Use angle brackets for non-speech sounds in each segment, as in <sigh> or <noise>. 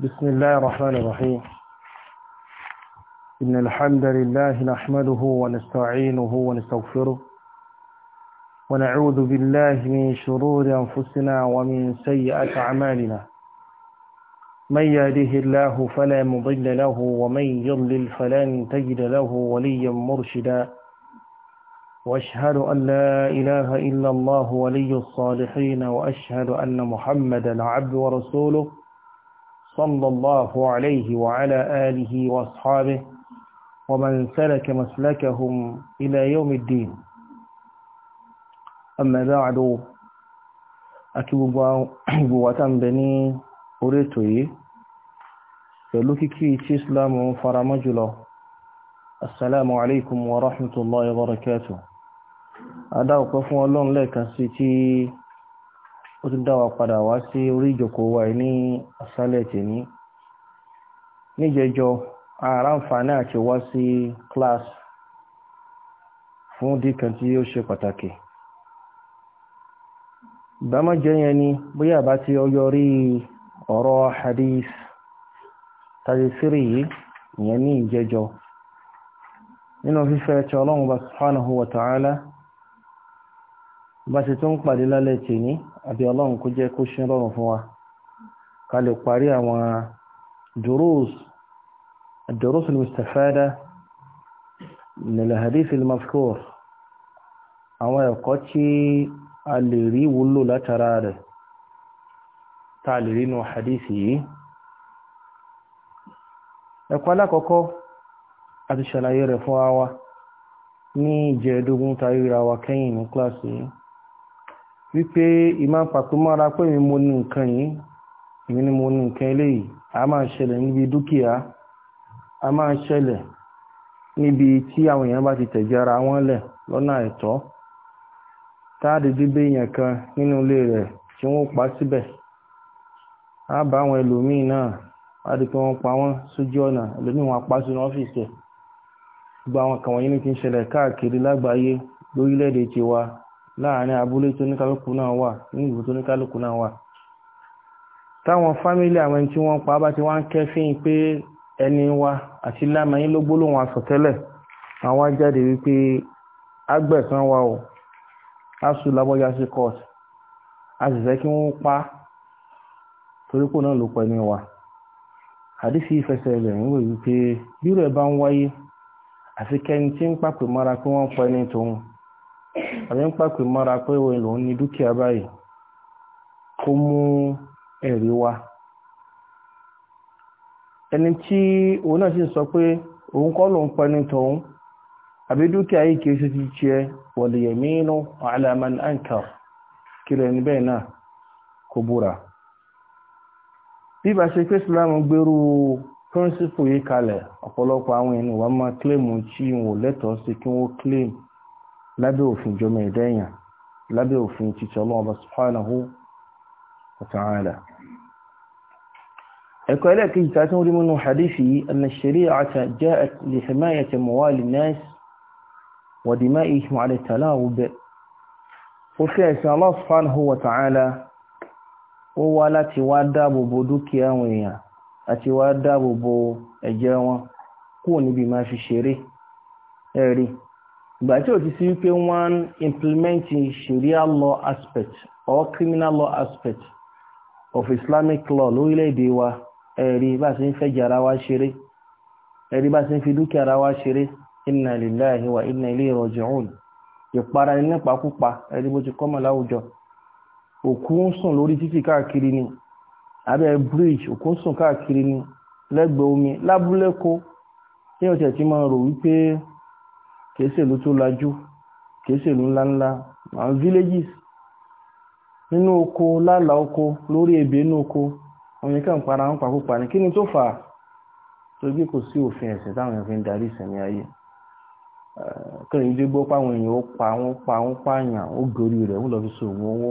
بسم الله الرحمن الرحيم إن الحمد لله نحمده ونستعينه ونستغفره ونعوذ بالله من شرور أنفسنا ومن سيئات أعمالنا من يهده الله فلا مضل له ومن يضلل فلن تجد له وليا مرشدا وأشهد أن لا إله إلا الله ولي الصالحين وأشهد أن محمدا عبد ورسوله صلى الله عليه وعلى آله وأصحابه ومن سلك مسلكهم إلى يوم الدين أما بعد أكبوة بني أريتوي فلوكي تسلام فرمجلو السلام عليكم ورحمة الله وبركاته أدعوك فوالون لك سيتي ó tún dá wa padà wá sí orí ìjókòó wa ní àṣálẹ̀ tèmi níjẹjọ àràǹfààní àti wá sí class fún díkan tí ó ṣe pàtàkì ìbámọ́jẹ́ yẹn ni bóyá àbá tí ó yọrí ọ̀rọ̀ hadith tàbísírì yìí ìyẹn ní ìjẹjọ nínú fífẹ́ ẹ̀tọ́ ọlọ́run bá subhanahu wa bá ti tún pàdé lálẹ́ tèmi àbí ọlọ́run kó jẹ́ kó ṣe rọrùn fún wa ká lè parí àwọn durus durus al-mustafada min al-hadith al-mazkur àwọn ẹ̀kọ́ tí a lè rí wúlò látara rẹ̀ tá lè rí nù hadith yìí ẹ̀kọ́ alákọ̀ọ́kọ́ àti ṣàlàyé rẹ̀ fún wa ní ìjẹ́ẹ̀dógún tayíra wa kẹ́yìn ní kíláàsì yìí wípé ìmá pàtómọ́ra pé mi mo ní nǹkan yìí ni mo ní nǹkan eléyìí a máa ń ṣẹlẹ̀ níbi dúkìá a máa ń ṣẹlẹ̀ níbi tí àwọn ti tẹ̀jẹ̀ ara wọn lẹ̀ lọ́nà àìtọ́ táàdì dídé èèyàn kan nínú ilé rẹ̀ tí wọ́n pa síbẹ̀ á bá àwọn ẹlòmíín náà á di pé wọ́n pa wọ́n sójú ọ̀nà ẹlòmíín wọn pa sínú ọ́fíìsì ẹ̀ gbogbo àwọn kan wọ̀nyí ni ti ń ṣẹlẹ̀ káàkiri lágbàáyé lórílẹ̀ láàrin abúlé tó níkálùkù náà wà ní ìlú tó níkálùkù náà wà táwọn fámílì àwọn tí wọ́n pa bá ti wá ń kẹ́fín pé ẹni wa àti lámàáyín ló gbólóhùn àsọtẹ́lẹ̀ àwọn ajáde wípé agbẹ̀san wa o asu labọ́já sí court a kí wọ́n pa torípò náà ló pẹ̀ ní wa àdísí ìfẹsẹ̀ rẹ̀ ń wò wípé bírò ẹ̀ bá ń wáyé àfi tí ń pàpè mọ́ra pé wọ́n pẹ́ ní tòun àbí ń pàpè mọ́ra pé òun lòun ní dúkìá báyìí kó mú ẹ̀rí wá ẹni tí òun náà sì sọ pé òun kọ́ lòun pẹni tòun àbí dúkìá yìí kìí ṣe ti jẹ wọ̀lẹ̀yẹ̀mínú ala man ankar kìrò ẹni bẹ́ẹ̀ náà kò búra bí bá ṣe pé Islam gbérú píríncípù yìí kalẹ̀ ọ̀pọ̀lọpọ̀ àwọn ènìyàn wọ́n máa kílèmù tí wọn lẹ́tọ̀ọ́ sí kí wọ́n kílèmù lábẹ́ òfin jọmọ ẹ̀dá èèyàn lábẹ́ òfin títí ọlọ́ọ̀bá subhanahu wa ta'ala ẹ̀kọ́ ẹlẹ́kejì tàbí orí mú hadithi anna shari'ata ja'at li himayati mawali nas wa dima'ihim ala talawub ó fi ẹ̀sìn Allah subhanahu wa ta'ala ó wá láti wá dáàbò bo dúkìá àti wá dáàbò bo ẹ̀rí ìgbà tí ò ti sí wípé wọ́n implementing sharia law aspect or criminal law aspect of islamic law lórílẹ̀-èdè wa ẹ̀rí bá ṣe ń fẹ́jẹ̀ ara wa ṣeré ẹ̀rí bá ṣe ń fi dúkìá ara wa ṣeré inna lillahi wa inna ilayhi raji'un ìpara ní nípakúpa ẹ̀rí bó ti kọ́mọ̀ láwùjọ òkú ń sùn lórí títì káàkiri ni abẹ́ bridge òkú ń sùn káàkiri ni lẹ́gbẹ̀ẹ́ omi lábúlé tí ó ti máa rò wípé kìí ṣèlú tó lajú kìí ṣèlú ńláńlá àwọn villages nínú oko lálà oko lórí ebè inú oko àwọn yẹn kàn para wọn pàkópa ni kí ni tó fà á torí kò sí òfin ẹ̀sìn táwọn èèyàn fi ń darí ìsẹ̀mí ayé kẹrin dé gbọ́ páwọn èèyàn ó pa wọ́n pa wọ́n pààyàn ó gorí rẹ̀ wọ́n lọ fi sòwò owó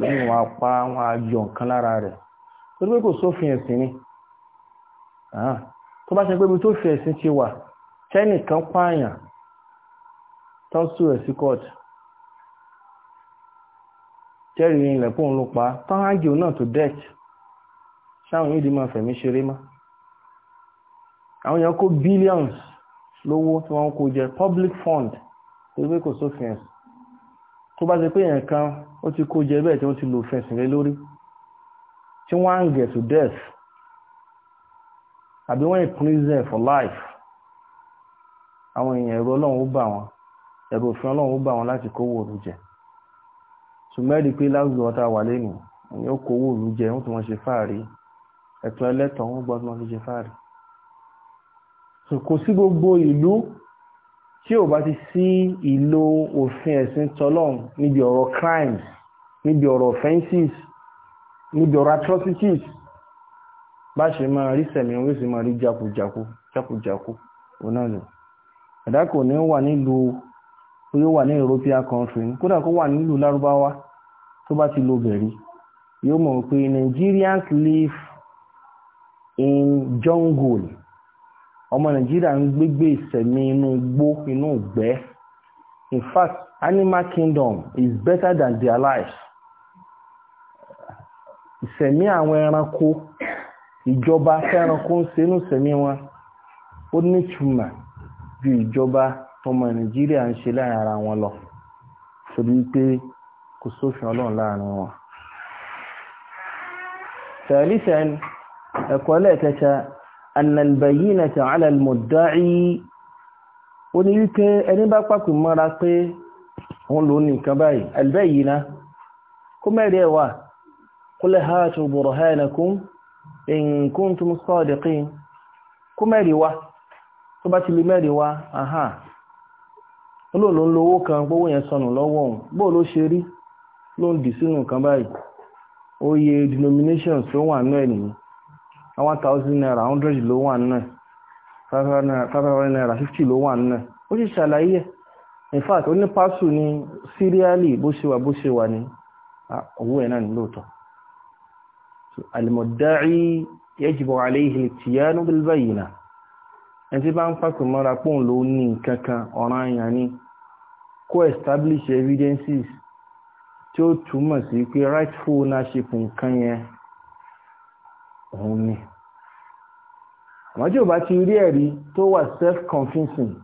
lẹ́yìn wọn apá wọn ayọ nǹkan lára rẹ̀ torí pé kò sófin ẹ̀sìn ni tó bá ṣe pé ibi tó fi ẹ̀sìn ti wà tẹ́nìkan pààyàn tọ́sù rẹ̀ sí court tẹ́rì ilẹ̀kùn ló pa tọ́hágì náà tó death ṣáwọn yìí di máa fẹ̀mí ṣeré má àwọn èèyàn kó billions lówó tí wọ́n kó jẹ public fund tó gbé kò sófin ẹ̀sìn tó bá ti pé èèyàn kan ó ti kó jẹ bẹ́ẹ̀ tí wọ́n ti lò fẹ̀sìn lé lórí tí wọ́n ń get to death àbí wọ́n in prison for life àwọn èèyàn ẹ̀rọ ọlọ́run ó bà wọ́n ẹ̀bùn òfin ọlọ́run ó bá wọn láti kówó òru jẹ ṣùgbọ́n pé láwùjọ tá wà lẹ́nu ni ó kówó òru jẹ wọ́n tún wọn ṣe fáàrí ẹ̀tọ́ ẹlẹ́tọ̀ wọ́n gbọ́dọ̀ wọn fi ṣe fáàrí. kò sí gbogbo ìlú tí ò bá ti sí ìlò òfin ẹ̀sìn tọlọ́run níbi ọ̀rọ̀ crimes níbi ọ̀rọ̀ offences níbi ọ̀rọ̀ atrocities bá ṣe máa rí sẹ̀mí orí sì máa rí jákujàku jákujàku òun náà ẹ̀dá kò ní wà nílùú pé ó wà ní european country kódà kó wà nílùú lárúbáwá tó bá ti lo gẹ̀rí yóò mọ̀ pé Nigerians live in jungle ọmọ nigeria ń gbégbé ìsẹ̀mí inú igbó inú ìgbẹ́ in fact animal kingdom is better than their life ìsẹ̀mí àwọn ẹranko ìjọba tẹ́ranko ń se inú ìsẹ̀mí wọn ó nítumọ̀ ju ìjọba ọmọ nàìjíríà ń ṣe láàrin ara wọn lọ torí pé kò sófin ọlọ́run láàrin wọn ثالثا ẹ̀kọ́ lẹ́ẹ̀kẹta annalbayinata alalmudda'i ó ní wípé ẹni bá pàpì mọ́ra pé òun ló ní nǹkan báyìí albayina kó mẹ́rin ẹ̀wà qul hatu burhanakum in kuntum sadiqin kó mẹ́rin wá tó bá ti lè mẹ́rin wá aha olóòlò ń lo owó kan gbówó yẹn sọnù lọ́wọ́ òun bó ló ṣe rí ló ń dì sínú oye denominations ló wà nínú ẹ̀ nìyí thousand naira hundred ló wà nínú naira fifty ló wà nínú ẹ̀ ó sì ṣàlàyé ẹ̀ in fact ó ní pásù ní síríálì bó ṣe wà bó ṣe wà ní owó náà ní lóòótọ́ ẹni co-establish evidences tí ó túmọ̀ sí pé rightful ownership nǹkan yẹn òun ni àwọn tí ò bá ti rí ẹ̀rí tó wà self-convincing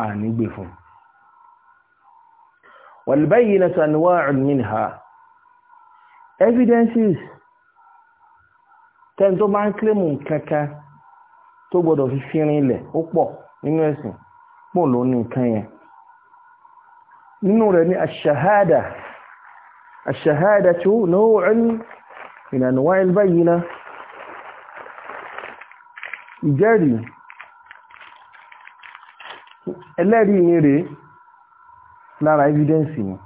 à nígbè fún والبينة أنواع منها evidences tẹ́ni tó bá ń kílèmù kankan tó gbọ́dọ̀ fi fi rinlẹ̀ ó pọ̀ nínú ẹ̀sìn pọ̀ ló ní nǹkan yẹn nínú rẹ̀ ní aṣahada aṣahada tó naw'un min anwa'i al-bayyina ìjẹ́rìí ẹlẹ́rìí ni rèé lára evidence ni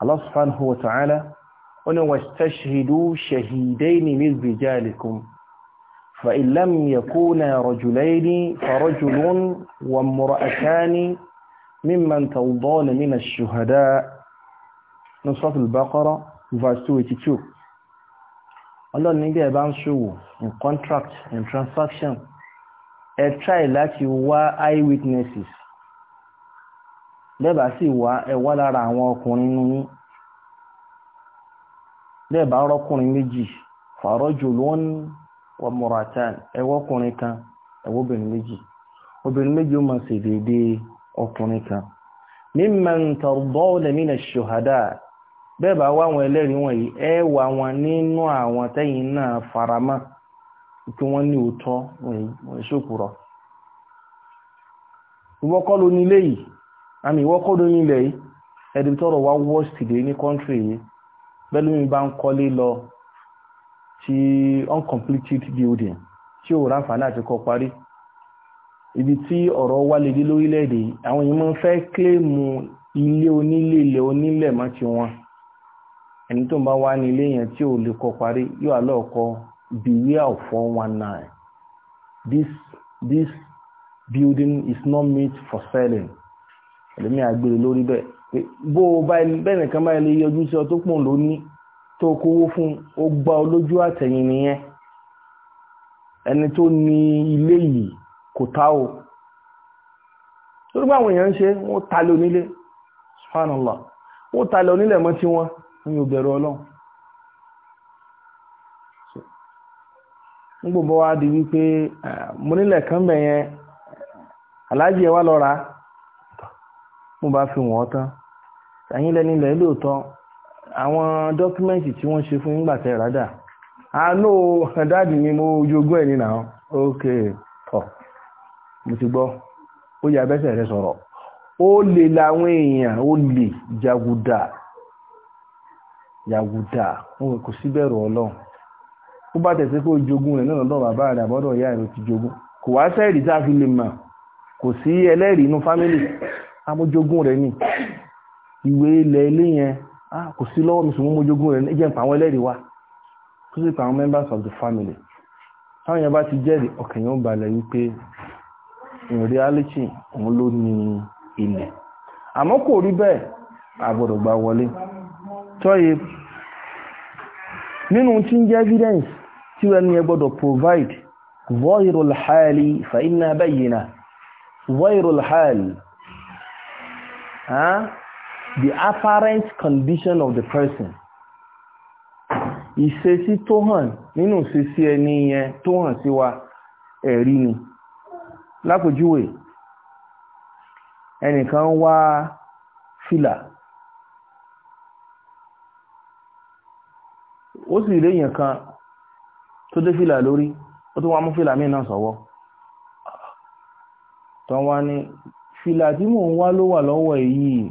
Allah subhanahu wa ta'ala wọ́n ni wastashhidu shahidayni min rijalikum فإن لم يكونا رجلين فرجل وامرأتان ممن ترضون من الشهداء نصرة البقرة verse 282 ọlọ́run níbi ẹ̀bá ń ṣòwò in contract in transaction ẹ try láti wá eye witnesses lẹ́bàá sì wá ẹ wá lára àwọn ọkùnrin nínú yín lẹ́bàá rọ́kùnrin méjì fàrọ́jù lónìí wa muratan ẹwọ́ ọkùnrin kan ẹwọ́ obìnrin méjì obìnrin méjì ó máa ṣe déédéé ọkùnrin kan mimman tardawna mina shuhada bẹ́ẹ̀ bá wá àwọn ẹlẹ́rìí wọ̀nyí ẹ wà wọn nínú àwọn tẹ́yìn náà faramá kí wọ́n ní òótọ́ wọ́n ṣòkúrọ̀ ìwọ́kọ́ ló nílé yìí àmì ìwọ́kọ́ ló nílé yìí ẹ̀dùn tọrọ wá wọ́ọ̀sì dé ní kọ́ńtì yìí bẹ́ẹ̀ lómi bá ń kọ́lé lọ tí uncompleted building tí ò ráǹfààní àti kọ́ parí ibi tí ọ̀rọ̀ wá lè dé lórílẹ̀-èdè àwọn èèyàn máa ń fẹ́ kílèmù ilé onílé ilẹ̀ onílẹ̀ mọ́ ti wọn ẹni tó ń bá wá ní ilé yẹn tí ò lè kọ́ parí yóò alọ́ọ̀kọ́ beware four one nine this this building is not meet for selling ẹlẹ́mìí àgbèrè lórí bẹ́ẹ̀ bó o bá bẹ́ẹ̀ nìkan báyìí lè yọjú sí ọ tó pọ̀ lónìí tó kówó fún ó gbá olójú àtẹ̀yìn nìyẹn ẹni tó ní ilé yìí kò tá o lórúkọ àwọn èèyàn ń ṣe wọ́n talẹ̀ onílé subhanallah wọ́n talẹ̀ onílé mọ́ tí wọ́n ní òbẹ̀rù ọlọ́run nígbòbọ̀ wá di wípé mo nílẹ̀ kan bẹ̀ yẹn aláàjì ẹ̀ wá lọ rà mo bá fi wọ́n tán ẹ̀yìn lẹ́ni ilẹ̀ lóòótọ́ àwọn dọ́kúmẹ́ǹtì tí wọ́n ṣe fún nígbà tẹ́ rádà àánú dáàdì ni mo jogún ẹ̀ nínà ok tọ̀ mo ti gbọ́ ó yà bẹ́sẹ̀ rẹ sọ̀rọ̀ ó lè làwọn èèyàn ó lè jàgùdà yàgùdà wọn kò sí bẹ̀rù ọlọ́run ó bá tẹ̀sí pé ó jogún rẹ̀ náà lọ́dọ̀ bàbá rẹ̀ àbọ́dọ̀ ìyá rẹ̀ ti jogún kò wá sẹ́ẹ̀rì tá a fi lè mà kò sí ẹlẹ́rìí inú fámìlì amójogún ah, rẹ̀ ni ìwé ilẹ̀ ilé yẹn Ah, kò sí lọ́wọ́ mi ṣùgbọ́n mojogún rẹ̀ ní jẹ́ pa àwọn ẹlẹ́rìí wa tó sì pa àwọn members of the family táwọn yẹn bá ti jẹ́rìí ọkàn yẹn ó balẹ̀ wípé in reality òun ló ní ilẹ̀ àmọ́ kò rí bẹ́ẹ̀ àgbọ̀dọ̀ gba wọlé tọ́yẹ nínú tí ń jẹ́ evidence tí wọ́n ní ẹ gbọ́dọ̀ provide voirul hali fa inna bayyina voirul hali the apparent condition of the person ìṣesí tó hàn nínú ìṣesí ẹni yẹn tó hàn sí wa ẹ̀rí ni lápòjúwe ẹnìkan wá fìlà ó sì léèyàn kan tó dé fìlà lórí ó tó wá mú fìlà míì náà sọ́wọ́ tó wá ní fìlà tí mò ń wá ló wà lọ́wọ́ èyí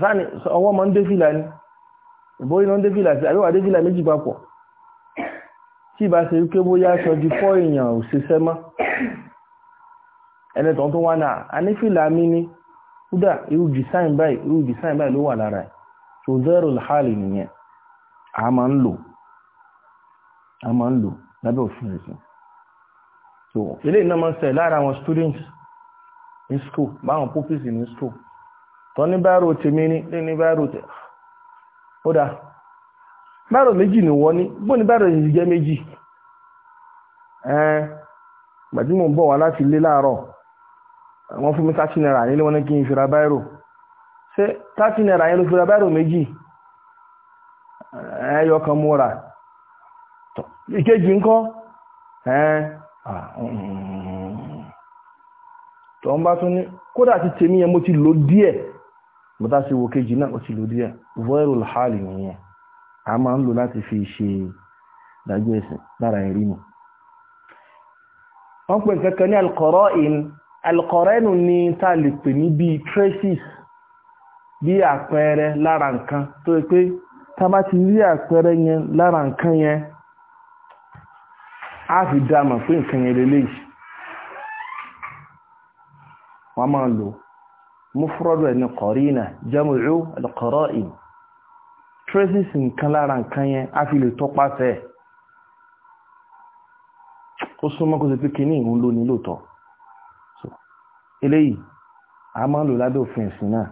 sáàni ọwọ́ ma ń dé fìlà ní ìbórí náà ń dé fìlà sí àríwá dé fìlà méjì papọ̀ tí ìbá ṣe wípé bóyá aṣọ di fọ́ èèyàn ò ṣiṣẹ́ mọ́ ẹni tán tó wá náà a ní fìlà mi ní kúdà irú design báyìí irú design báyìí ló wà lára ẹ̀ tó zero hali nìyẹn a máa ń lò a máa ń lò lábẹ́ òfin ẹ̀sìn so eléyìí náà máa ń ṣe lára àwọn students in school báwọn pupils ní school tọ́ ní báírò tèmi ní lé ní báírò tẹ̀ ó dá báírò méjì ni wọ́n ní bó ní báírò yìí jẹ́ méjì ẹ̀ẹ́n gbàtí mò ń bọ̀ wá láti lé láàárọ̀ wọ́n fún mi thirty naira nílé wọn ní kí n fi ra báírò ṣé thirty naira yẹn ló fi ra báírò méjì ẹ̀ẹ́yọ kan mú ìkejì ńkọ́ ẹ̀ẹ́n mm, mm, mm, tọ́ ń bá tún ní kódà ti tèmi yẹn mo ti lò díẹ̀ bọ́tá sí wo kejì náà ó ti lò díẹ̀ voirul hali nìyẹn a máa ń lò láti fi ṣe ìdájọ́ ẹ̀sìn lára ẹ̀rí nù wọ́n pè kankan ní alkọ̀rọ̀ìn ni tá lè pè ní bí traces bí àpẹẹrẹ lára nǹkan tó yẹ pé tá bá ti rí àpẹẹrẹ yẹn lára nǹkan yẹn a fi dámọ̀ pé nǹkan yẹn lélẹ́yìí wọ́n máa lò mufradu ẹni kọ̀rínà jamu'u alqara'in traces nǹkan lára nǹkan yẹn a fi lè tọpasẹ̀ ó súnmọ́ kó sì pé kìíní ìhun ló ní lóòtọ́ eléyìí a máa ń lò lábẹ́ òfin ìsìn náà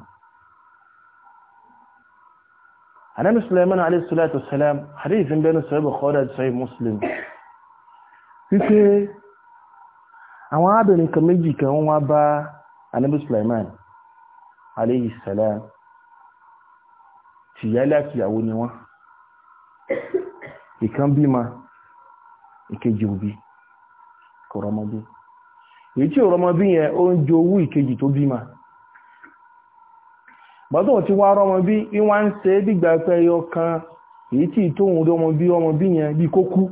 Ànábì Sulaiman alayhi salatu wassalam hadith ń bẹnu sahih Bukhari àti sahih Muslim wípé àwọn arábìnrin kan méjì kan wọ́n wá bá Ànábì Sulaiman alayhi salam ti yala ki awoni wa ikan bi ma ikeji obi ko ramadi yeji ramadi ye o njo wu ikeji to bi ma ba do ti wa ramadi bi wa nse bi gba pe yo kan yiti to hun do mo bi omo bi yen bi koku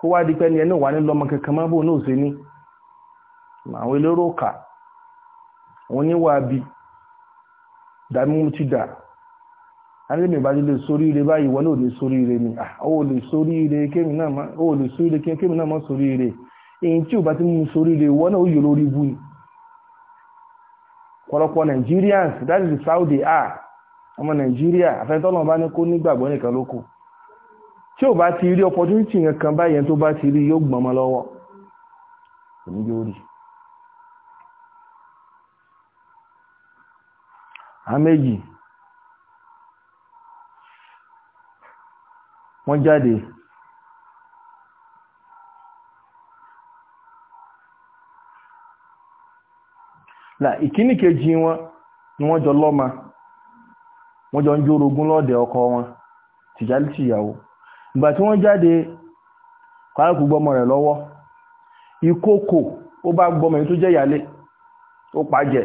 ko wa di pe ni eno wa ni lo ma bo no se ni ma we lero ka onye oníwà bí dàmú ti dà alẹ́mì bá lè sórí ire báyìí wọ́n lè sórí ire ni ó lè sórí ire kémi náà mọ́ sórí ire èyí tí ò bá ti mú sórí ire wọ́n náà ó yọ lórí ni pọ̀lọpọ̀ Nigerians that is the Saudi a ọmọ Nigeria afẹ́tọ́nà bá ní kó nígbàgbọ́ nìkan lókù tí ò bá ti rí opportunity yẹn kan báyẹn tó bá ti rí yóò gbọmọ a méjì wọ́n jáde là ìkíní kejì wọn ni wọ́n jọ lọ́ma wọ́n jọ ń jórogún lọ́dẹ̀ ọkọ wọn tìjálì tìyàwó ìgbà tí wọ́n jáde kwárakù gbọ́mọ rẹ̀ lọ́wọ́ ikoko ó bá gbọ́mọ tó jẹ́ ìyálé ó pàjẹ́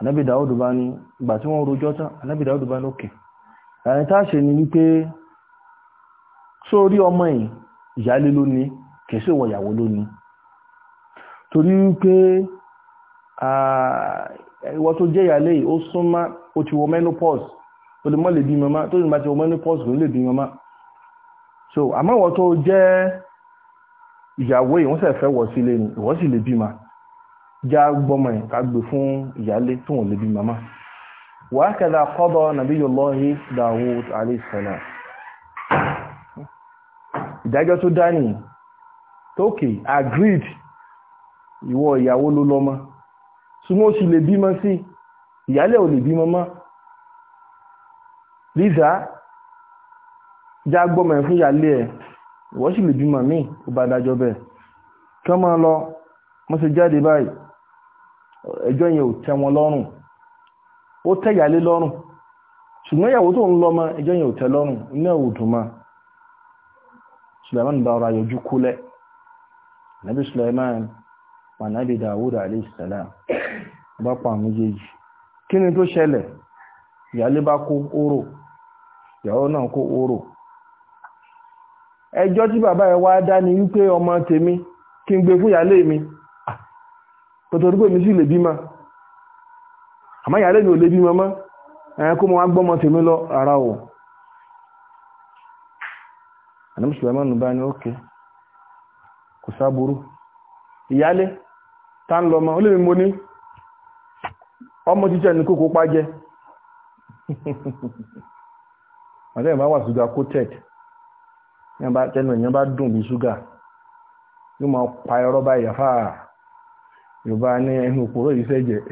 anábì dáúdù bá ní ìgbà tí wọ́n rojọ́ tán anábì dáúdù bá ní òkè ẹ̀rin tá ṣe ni wípé sórí ọmọ yìí ìyálé ló ní kìí sí ìwọ̀yàwó ló ní torí wípé ìwọ tó jẹ́ ìyálé yìí ó súnmọ́ ó ti wọ menopause ó lè mọ́ lè bí mọ́má tó lè bá ti wọ menopause kò ní lè bí so àmọ́ ìwọ tó jẹ́ ìyàwó yìí wọ́n sì fẹ́ wọ̀ sílé ni ìwọ sì lè bímọ já gbọ́mọ̀ ẹ̀ ká gbé fún ìyálé tó wọ́n lè bí màmá wà á kẹ́dà kọ́dọ̀ nàbíyullahi Dawud alayhi salam ìdájọ́ tó dá nìyí tókè agreed ìwọ ìyàwó ló lọ́mọ súnmọ́ sí lè bímọ sí ìyálẹ̀ ò lè bímọ mọ́ lisa já gbọ́mọ̀ ẹ̀ fún ìyálé ẹ̀ ìwọ sì lè bímọ míì ó bá dájọ́ bẹ́ẹ̀ kí wọ́n máa lọ wọ́n ṣe jáde báyìí ẹjọ́ yẹn ò tẹ́ wọn lọ́rùn ó tẹ́ ìyálé lọ́rùn ṣùgbọ́n ìyàwó tó ń lọ mọ́ ẹjọ́ yẹn ò tẹ́ lọ́rùn iná ò dùn Sulaiman bá ọ̀rọ̀ ayọ̀jú kúlẹ̀ Nabi Sulaiman wa Nabi Dawud alayhi salam bá pa àwọn méjèèjì kí ni tó ṣẹlẹ̀ ìyálé bá kó oró ìyàwó náà kó oró ẹjọ́ tí bàbá ẹ wá dá ni wípé ọmọ tèmi kí n gbé fún ìyálé mi tọ́tọ́ tó pé mi sì lè bímọ àmọ́ ìyá lẹ́yìn ò lè bímọ mọ́ ẹ̀yẹn kó mo wá gbọ́mọ tèmi lọ ara o àná mùsùlùmí bá ní ókè kò sáburú ìyálé tá ń lọ ọmọ ó lè mi ní ọmọ títẹ̀ ní kókó pájẹ́ <laughs> ẹ̀yàn bá dùn bí ṣúgà yóò yorùbá ní ẹnu òpòrọ̀ yìí sẹ́jẹ̀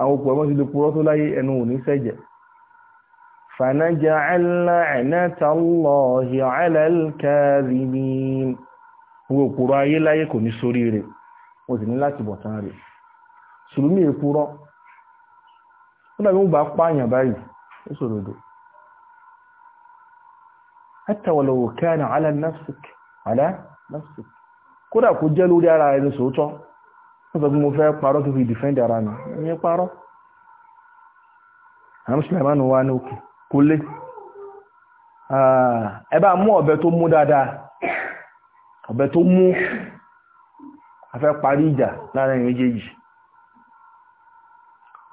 àwọn òpòrọ̀ mọ́ sí lè purọ́ tó láyé ẹnu ò ní sẹ́jẹ̀ فنجعل لعنة الله على الكاذبين wo òpùrọ́ ayé láyé kò ní sórí rẹ̀ wọ́n sì ní láti bọ̀ tán rẹ̀ sùlùmí èkúrọ́ ó dàbí ń gbà pààyàn báyìí ó sòròdò hatta walau kana ala nafsik ala nafsik kódà kó jẹ́ ara ẹni sòótọ́ wọ́n sọ pé mo fẹ́ parọ́ kí n fi defend ara mi ìyẹn parọ́ àwọn Sulaiman wà ní òkè kó lé ah, ẹ bá mú ọ̀bẹ tó mú dáadáa ọ̀bẹ tó mú a fẹ́ parí ìjà láàrin méjèèjì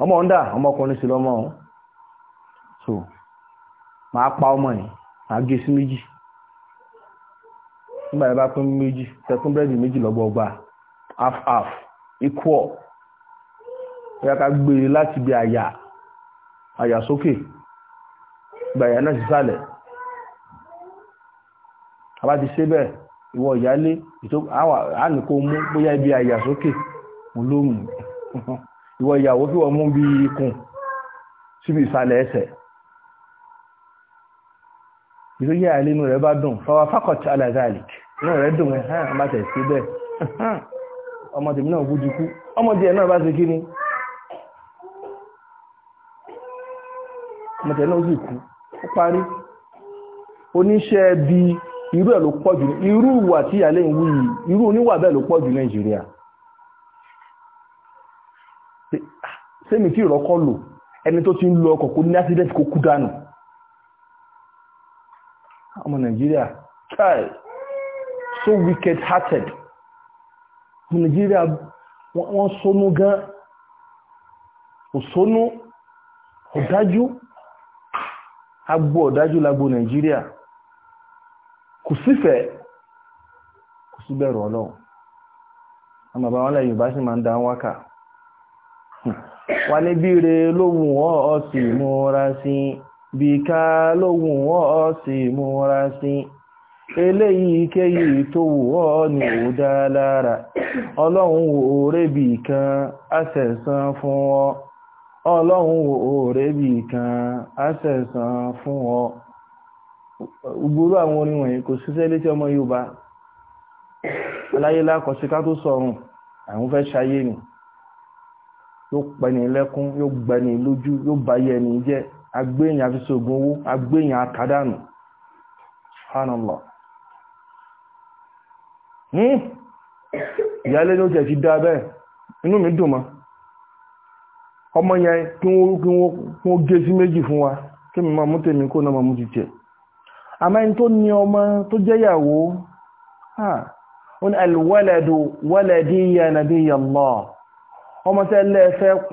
ọmọ ń dà ọmọkùnrin sí lọ́mọ ọ̀hún so pa ọmọ yìí màá gé sí méjì nígbà yẹn bá pín méjì tẹkún búrẹ́dì méjì lọ́gbọọgba half half equal ẹ̀yà ká gbé e láti bí àyà àyà sókè ìgbà àyà náà sísàlẹ̀ àbá ti ṣe bẹ́ẹ̀ ìwọ ìyálé àní kó mú bóyá ibi àyà sókè mú lóhùn <laughs> ìwọ ìyàwó fíwọ mú bí ikùn síbi ìsàlẹ̀ ẹsẹ̀ ìlú yà á lẹ́nu rẹ̀ bá dùn fáwọn fákọ̀tì alazalik inú rẹ̀ dùn ẹ̀ hàn bá tẹ̀ sí bẹ́ẹ̀ ọmọ tèmi náà gújú kú ọmọ díẹ̀ náà bá ṣe kí ni ọmọ tẹ̀ náà sì kú ó parí oníṣẹ́ bí irú ẹ̀ ló pọ̀ jù irú ìwà tí ìyàlẹ́ ìwú yìí irú oníwà bẹ́ẹ̀ ló pọ̀ jù Nàìjíríà sẹ́mi tí ìrọ́kọ́ lò ẹni tó ti ń lo ọkọ̀ kó ní accident kó kú dànù ọmọ nàìjíríà kai so wicked hearted ọmọ nàìjíríà wọ́n sónú gan kò sónú ọ̀dájú agbo ọ̀dájú lágbo nàìjíríà kò sífẹ̀ kò sí bẹ̀rù ọlọ́run àmà bá wọn lẹ́yìn bá sì máa ń dá wákà hm. wà níbí re lóhùn ọ́ múra sí bìkà lóhùn ọ́ sì múra sí eléyìí kéyìí tó wù ọ́ ní òdá lára ọlọ́run òòrè bì kan àṣẹ̀sán fún ọ ọlọ́run òòrè bì kan àṣẹ̀sán fún ọ gbúrú àwọn orin wọ̀nyí kò síṣẹ́ létí ọmọ Yorùbá aláyélá kọ̀síká tó sọ̀rùn àwọn fẹ́ ṣayé ni yóò pẹni lẹ́kún yóò gbẹni lójú yóò báyẹ jẹ́ agbéyìn àfiṣògùn owó agbéyìn àkádánù subhanallah ní ìyálé ló tẹ̀ ti dá bẹ́ẹ̀ inú mi dùn mọ́ ọmọ yẹn kí wọ́n gé sí méjì fún wa kí mi máa mú tèmi kó náà máa mú tó ní ọmọ tó ya ọmọ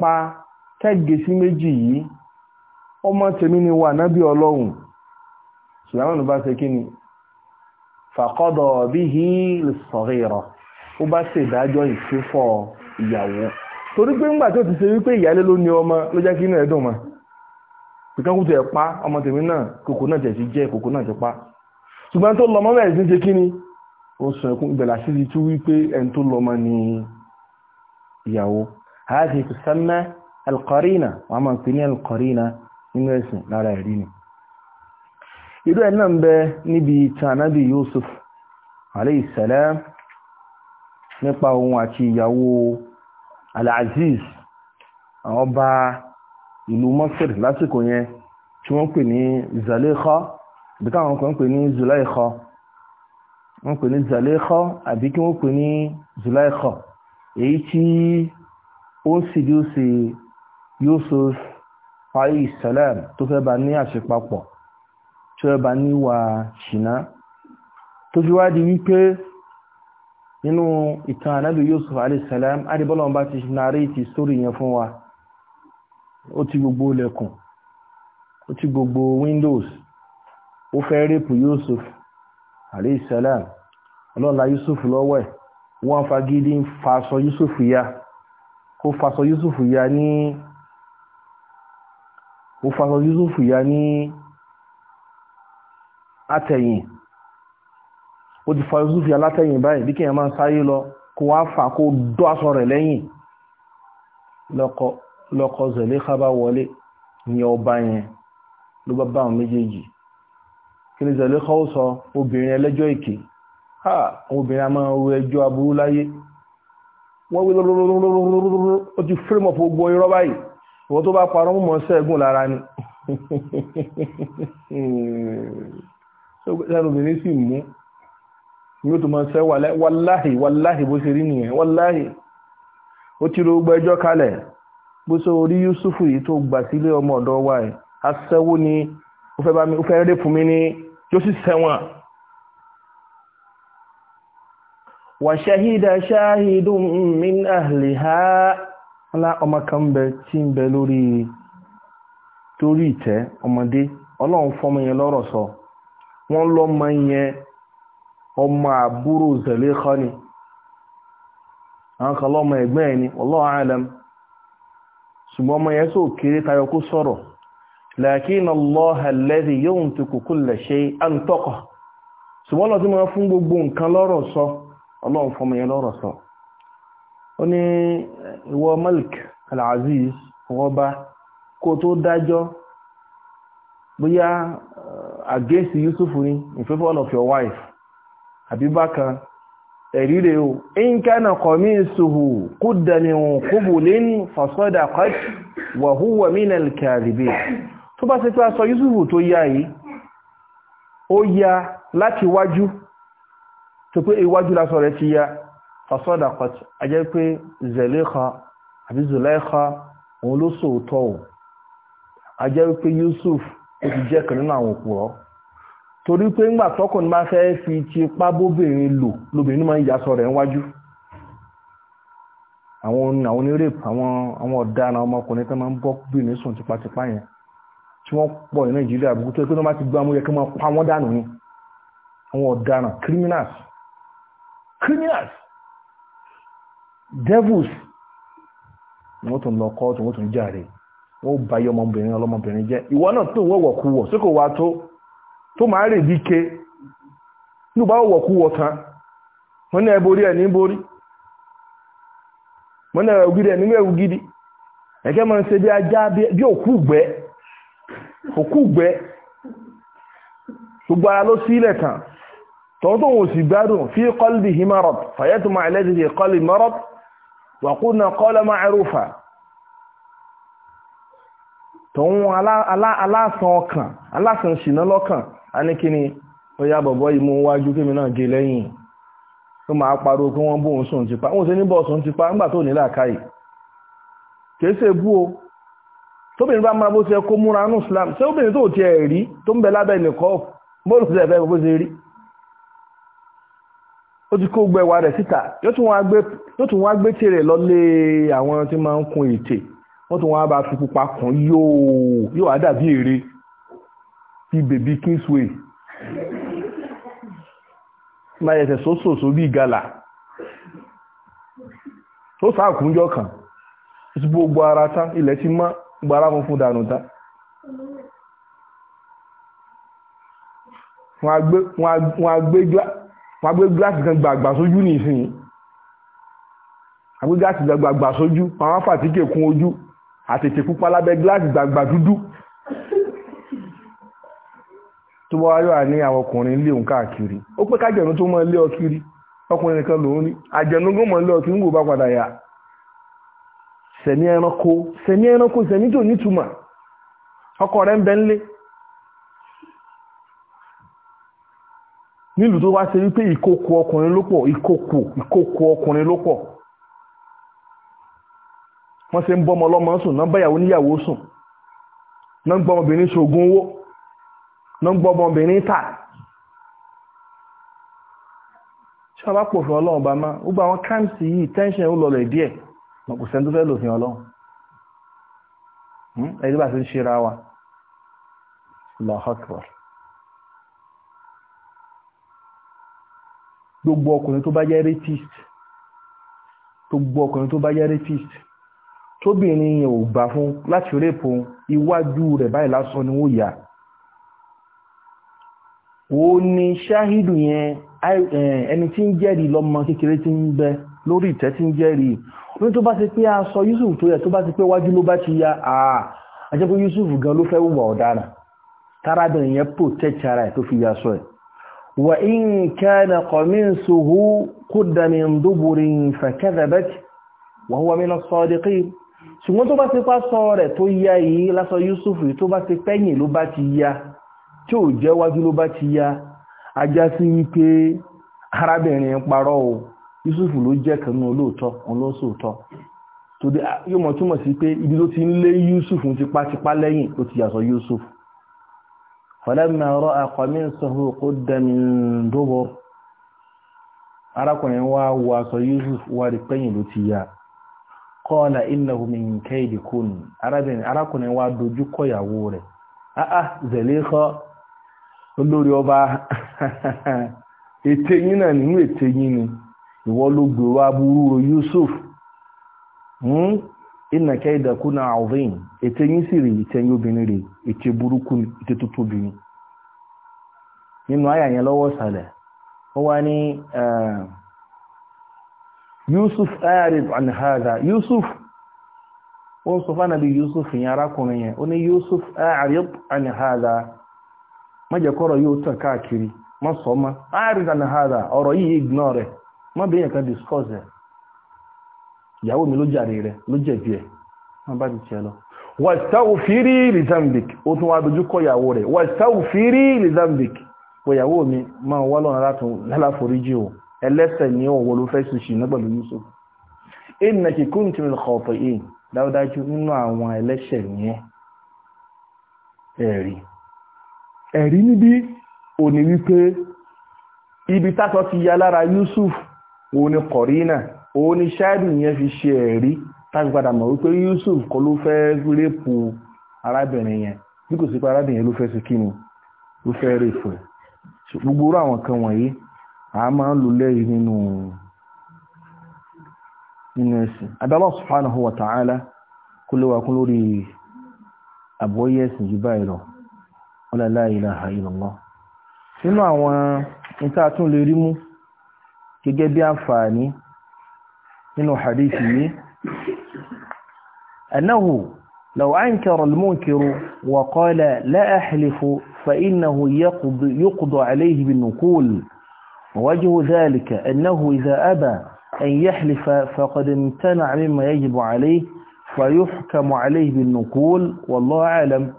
pa tẹ́gẹ̀ sí ọmọ tèmi ni wà nábì ọlọ́run sùlámánù bá ṣe kí ni fàkọ́dọ̀ bí i sọ̀rọ̀ ó bá ṣe ìdájọ́ ìfífọ́ ìyàwó torí pé ńgbà tó ti ṣe wípé ìyálé ló ní ọmọ ló jẹ́ kí inú ẹ̀ dùn mọ́ ìkan kú tẹ̀ pa ọmọ tèmi náà kòkó náà tẹ̀ sí jẹ́ kòkó náà ti pa ṣùgbọ́n tó lọ mọ́ bẹ̀rẹ̀ sí ṣe kí ni ó sọ ẹkún ìbẹ̀là sí ti tú wípé ẹni tó lọ mọ́ ni ìyàwó hàá ti fi sánná máa ń pè ní alkọ̀rínà nínú ẹ̀sìn lára ẹ̀rí ni irú ẹ̀ náà ń bẹ níbi ìtàn anábì Yusuf alayhi salam nípa òun àti ìyàwó Al-Aziz àwọn ọba ìlú Masir lásìkò yẹn tí wọ́n pè ní Zalaikha bí káwọn kan pè ní Zulaikha wọ́n pè ní Zalaikha àbí kí wọ́n pè ní Zulaikha èyí tí ó ń sìdí ó sì Yusuf ayé ìsẹ̀lẹ̀m tó fẹ́ bá ní àṣepapọ̀ tó fẹ́ bá níwà ṣìná tó fi wá di wípé nínú ìtàn ànábì Yusuf alẹ́sẹ̀lẹ̀m adébọ́lọ́n bá ti narí ti sórí yẹn fún wa ó ti gbogbo lẹ́kùn ó ti gbogbo windows ó fẹ́ rẹ́pù Yusuf alẹ́sẹ̀lẹ̀m ọlọ́la Yusuf lọ́wọ́ ẹ̀ wọ́n fagídí ń Yusuf ya kó faṣọ Yusuf ya ní ó fasọ Yúsúfù ya ní àtẹ̀yìn ó ti fa Yúsúfù ya látẹ̀yìn báyìí bí kíyàn máa sáré lọ kó wá fà kó dọ́ aṣọ rẹ̀ lẹ́yìn lọ́kọ Zẹ̀lẹ́kà bá wọlé ní ọba yẹn ló bá bá àwọn méjèèjì kí ni Zẹ̀lẹ́kà ó sọ obìnrin ẹlẹ́jọ́ èké obìnrin a máa ro ẹjọ́ aburú láyé wọ́n wí lọ́rọ́rọ́rọ́rọ́rọ́ wọ́n tó bá parọ́ mọ́ sẹ́gun lára ni sẹ́gun obìnrin sì mú yóò tó máa sẹ́ wàláhì wàláhì bó ṣe rí nìyẹn wàláhì ó ti ro gbogbo ẹjọ́ kalẹ̀ bó ṣe orí Yusufu yìí tó gbà sílé ọmọ ọ̀dọ́ wa ẹ̀ aṣẹ́wó ni ó fẹ́ bá fún mi ní yóò sì sẹ́wọ̀n. wàṣẹ́hídà ṣáhídùn min ahliha wọ́n lá ọmọ kan ń bẹ tí ń bẹ lórí torí ìtẹ́ ọmọdé ọlọ́run fọmọ yẹn lọ́rọ̀ sọ wọ́n lọ́mọ yẹn ọmọ àbúrò Zulaikha ni àwọn kan lọ́mọ ẹ̀gbọ́n ẹ̀ ni wallahu alam ṣùgbọ́n ọmọ yẹn sọ kéré tayọ kó sọ̀rọ̀ lakin Allah alladhi yuntiqu kulla shay'an antaqa ṣùgbọ́n lọ́tí mo fún gbogbo nǹkan lọ́rọ̀ sọ ọlọ́run fọmọ yẹn lọ́rọ̀ sọ ó ní ìwọ malik alaziz wọ́n bá kó tó dájọ́ bóyá eh, against yusuf ni in favour of your wife àbí bákan ẹ̀rí rẹ̀ o in kana qamisuhu qudda min qubulin fasadaqat wa huwa min al-kadhibin tó bá ṣe pé aṣọ yusuf tó yá yìí ó yá láti wájú tó pé iwájú lásọ rẹ̀ ti yá fasọ́dàkọt ajẹ́ pé zẹ̀lẹ́kọ àbí zùlẹ́kọ òun ló sòótọ́ ò ajẹ́ pé Yusuf ó ti jẹ́ kan nínú àwọn òpùrọ́ torí pé ńgbà tọkùnrin máa fẹ́ fi tipá bóbìnrin lò lóbìnrin máa ń yasọ rẹ̀ níwájú àwọn àwọn onírèpù àwọn àwọn ọ̀daràn ọmọkùnrin tó máa ń bọ́ bìnrin sùn tipátipá yẹn tí wọ́n pọ̀ ní Nàìjíríà àbúkú tó yẹ pé tó ti gbọ́ amúyẹ kí wọ́n pa wọ́n dànù ni àwọn ọ̀daràn criminals criminals devils ni wọ́n tún lọ kọ́ọ̀tù wọ́n tún jáde wọ́n bá ọmọbìnrin ọlọ́mọbìnrin jẹ́ ìwọ náà tó wọ́wọ̀ kú wọ̀ wá tó tó máa rè bí ke ní bá wọ̀ kú wọ̀ tán wọ́n ní ẹ̀ ní borí wọ́n ní ẹ̀ nínú ẹ̀kẹ́ máa ń ṣe bí ajá bí òkú gbẹ́ òkú gbogbo ara ló tán gbádùn wàkúnà kọ́lá ma'rufa tòun alásan ọkàn alásan ṣìnà lọ́kàn a ní kí ni ó yá bọ̀bọ̀ yìí mú wájú kí mi náà gé lẹ́yìn tó máa pariwo kí wọ́n bóun sùn ti pa wọ́n ṣe ní bọ́ sùn ti pa nígbà tó nílà káyì kìí ṣe bú o tóbìnrin bá máa bó ṣe kó múra nù Islam ṣé obìnrin tó tiẹ̀ rí tó ń ó ti kó gbẹ ìwà rẹ̀ síta yóò tún wá gbé tèrè lọ́lé àwọn tí máa ń kun ètè wọ́n tún wá bá fi pupa kàn yóò yóò wá dàbí èrè bíi bèbí kingsway máa yẹsẹ̀ sóṣòṣò bíi gàlà tó sàkúnjọ kan tí gbogbo ara tán ilẹ̀ ti mọ́ gbogbo ara funfun dànù tán wọ́n á gbé pàgbé gíláàsì kan gbàgbà sójú nìsín àgbé gíláàsì gbàgbà sójú pàwọn fàtíkè kún ojú àtètè pupa lábẹ́ gíláàsì gbàgbà dúdú tó bá wáyọ̀ àní àwọn ọkùnrin lé òun káàkiri ó pé kájẹ̀nú tó mọ́ lé ọ kiri ọkùnrin nìkan lòun ní àjẹ̀nú gún mọ́ lé ọ kiri ń wò bá padà yà sẹ̀mí ẹranko sẹ̀mí ẹranko sẹ̀mí tó nítumọ̀ ọkọ rẹ̀ ń bẹ ńlé nílùú tó wá ṣe wípé ìkókò ọkùnrin ló pọ̀ ìkókò ìkókò ọkùnrin ló pọ̀ wọ́n ṣe ń bọ́mọ ọlọ́mọ sùn náà báyàwó níyàwó sùn náà ń gbọ́ ọmọbìnrin ṣoògùn owó náà ń gbọ́ ọmọbìnrin tà ṣé wọ́n bá pò fún ọlọ́run bá má gbogbo àwọn káǹtì yìí tẹ́ńṣẹ̀ ó lọlẹ̀ díẹ̀ kò sẹ́ni tó fẹ́ lòfin ọlọ́run hmm? ẹ̀rí bá ṣe ń ṣe ra wa lọ́hàkùrọ̀ gbogbo ọkùnrin tó bá jẹ́ rapist gbogbo ọkùnrin tó bá jẹ́ rapist tóbìnrin yẹn ò gbà fún láti rèpò iwájú rẹ̀ báyìí lásán ni ó yà ó ní ṣáhídù yẹn ẹni tí ń jẹ́rìí lọ́mọ kékeré tí ń bẹ lórí ìtẹ́ tí ń jẹ́rìí ní tó bá ti pé aṣọ Yusuf tó yẹ tó bá ti pé wájú ló bá ti ya àà àjẹ́pọ̀ Yusuf gan ló fẹ́ wùwà ọ̀daràn tárábìnrin yẹn protect ara ẹ̀ tó fi yà sọ ẹ̀ وإن كان قميصه قد من دبر فكذبت وهو من الصادقين ṣùgbọ́n tó bá ti pásọ rẹ̀ tó yá yìí lásọ Yusuf tó bá ti pẹ́yìn ló bá ti yá tí ò jẹ́ wájú ló bá ti yá ajá sí wípé arábìnrin parọ́ o Yusuf ló jẹ́ kanú olóòótọ́ olóòsòótọ́ tó dé yóò mọ̀ túmọ̀ sí pé ibi tó ti ń lé Yusuf tipátipá lẹ́yìn ló ti yàsọ Yusuf falamma ra'a qamisuhu qudda min dubur arákùnrin wá wá sọ yusuf wá rí pẹ́yìn ló ti yá qala innahu min kaydikun arákùnrin wá dojú kọ ìyàwó rẹ̀ áá zẹ̀lẹ́kọ́ olórí ọba ète yín náà nínú ète yín ni ìwọ ló gbèrò aburú yusuf inna kaida kuna azim ète siri sì rí ète yín obìnrin rẹ̀ ète burúkú ni ète tó tóbi ni nínú àyà yẹn yusuf arid an hadha yusuf ó sọ fánàbí yusuf yẹn arákùnrin yẹn ó ní yusuf arid an hadha má jẹ́ kọ́rọ̀ yóò tàn káàkiri má sọ ma arid an ignore ma má bẹ́yẹn kan discuss ìyàwó mi ló jàre rẹ̀ ló jẹ̀bi ẹ̀ wọ́n bá ti tiẹ̀ lọ wàstáwòfírí lizambik ó tún wá dojú kọ ìyàwó rẹ̀ wàstáwòfírí lizambik ìyàwó mi máa wá lọ́nà látún lálàforíjì o ẹlẹ́sẹ̀ ní ọ̀wọ́ ló fẹ́ ṣe ṣìnà pẹ̀lú Yusuf innaki kunti min al-khati'in dáúdájú nínú àwọn ẹlẹ́ṣẹ̀ yẹn ẹ̀rí ẹ̀rí níbi òní wípé ibi tátọ́ ti ya lára Yusuf òun ni kọ̀rínà òun ni ṣáàdù yẹn fi ṣe ẹ̀rí láti mọ̀ wípé Yusuf kọ́ ló fẹ́ rèpù arábìnrin yẹn bí kò sí pé arábìnrin yẹn ló fẹ́ sí kíni ló fẹ́ rèpù ẹ̀ gbogbo orú àwọn kan wọ̀nyí a máa ń lò lẹ́yìí nínú nínú ẹ̀sìn adáwọ̀ subhanahu wa ta'ala kó lè wà kún lórí àbọ̀yé ẹ̀sìn jù báyìí lọ wọ́n lè la ilaha illallah nínú àwọn níta tún lè rí mú gẹ́gẹ́ bí àǹfààní من حديثه أنه لو أنكر المنكر وقال لا أحلف فإنه يقضى عليه بالنقول وجه ذلك أنه إذا أبى أن يحلف فقد امتنع مما يجب عليه فيحكم عليه بالنقول والله أعلم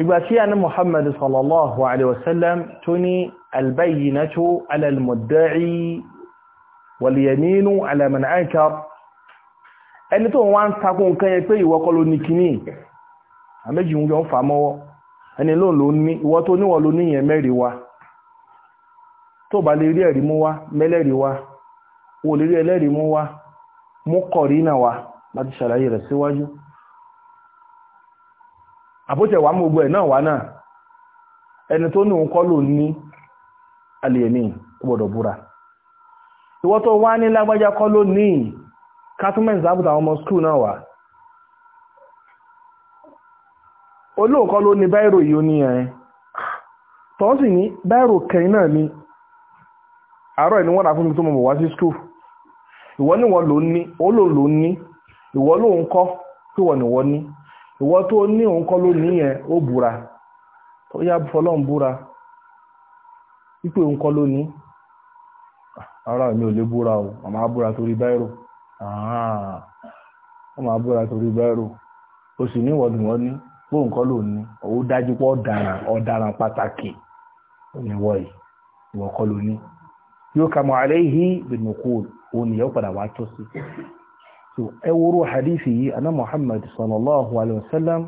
إباسي أن محمد صلى الله عليه وسلم تني البينة على المدعي wàlìyẹ̀mínú alẹ́mẹ̀nàíkà ẹni tó wọ́n ń takò nǹkan pé ìwọ ló ní kínní àméjì ń ń mọ́wọ́ ẹni ló ní tó níwọ̀ ló níyẹn mẹ́rin wa tó bá lè rí ẹ̀rí mú wá wa wò lè rí ẹlẹ́rí mú wá mú wa láti ṣàlàyé rẹ̀ síwájú mú gbogbo ẹ̀ náà wá ẹni tó ní òun kọ́ ló ní gbọ́dọ̀ búra ìwọ́n tó wá ní lágbájá kọ́ ló ní kátúmẹ̀sì sábùtà ọmọ skul náà wà olóòkọ́ ló ní báírò yìí ní ẹ̀ tọ́ sì ní báírò kẹ́yìn náà ni àárọ̀ ìní wọ́n fún mi tó mọ̀ wá sí skul ìwọ ni wọ́n ló ní olò ní ìwọ ló ń kọ́ tí wọ́n ni wọ́n ní ìwọ tó ní òun kọ́ ló ní yẹn ó búra ó yá fọlọ́n búra wípé òun kọ́ ló ní ara mi ò lè búra o wọ́n máa búra torí báírò wọ́n máa búra torí báírò o sì ní ìwọ́dùn wọn ní pé nǹkan ló ní owó dájú pé ọ̀daràn ọ̀daràn pàtàkì oníwọ̀ yìí ìwọ̀ kọ́ ló ní yóò kà mọ́ alẹ́ yìí bìnnú kú oníyàwó padà wá tó sí ẹ wúrú hadithi yìí aná Muhammad sallallahu alayhi wa sallam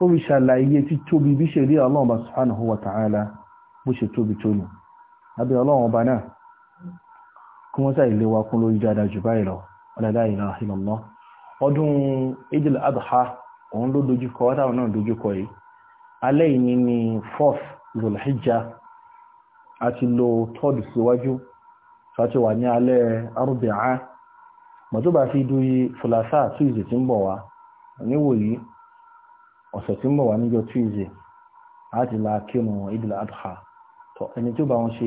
ó fi ṣàlàyé títóbi bí ṣe rí Allah subhanahu wa ta'ala bó ṣe tóbi tóbi abẹ́ ọlọ́run ọba náà kí wọ́n sáà ilé wa kún lórí dáadáa jù báyìí lọ ọ̀dàdá ìlà ìlànà ọdún Eidil Adha òun ló dojúkọ ọ̀dáwọn náà dojúkọ yìí alẹ́ ìní ni fourth zulhijja a lo third síwájú fàtí wà ní alẹ́ arúbìá mọ̀tòbá fi dúyí fúlàṣà tuesday tí ń bọ̀ wá níwòyí ọ̀sẹ̀ tí ń bọ̀ wá níjọ́ tuesday a la kírun Eidil Adha ẹni tí ó bá wọn ṣe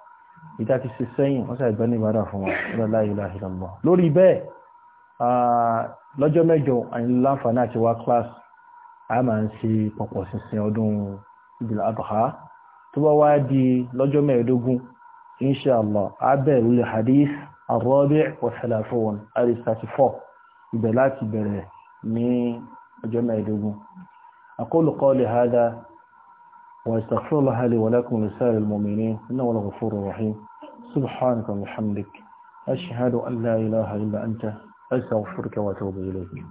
ìta ti ṣe sẹ́yìn wọ́n sàìgbẹ́ ní ìbádà fún wọn la ilaha illallah lórí bẹ́ẹ̀ lọ́jọ́ mẹ́jọ àìláǹfààní àti wá class a máa ń ṣe pọ̀pọ̀ ṣinṣin ọdún ìbìlà àbàhá tó bá wá di lọ́jọ́ mẹ́ẹ̀ẹ́dógún inṣàlá abẹ́ ìlú hadith arọ́bẹ̀ wàsàlàfọ́n àrísàtìfọ́ ibẹ̀ láti bẹ̀rẹ̀ ní ọjọ́ mẹ́ẹ̀ẹ́dógún أقول قولي هذا وأستغفر الله لي ولكم لسائر المؤمنين إنه لغفور رحيم سبحانك وبحمدك أشهد أن لا إله إلا أنت أستغفرك وأتوب إليك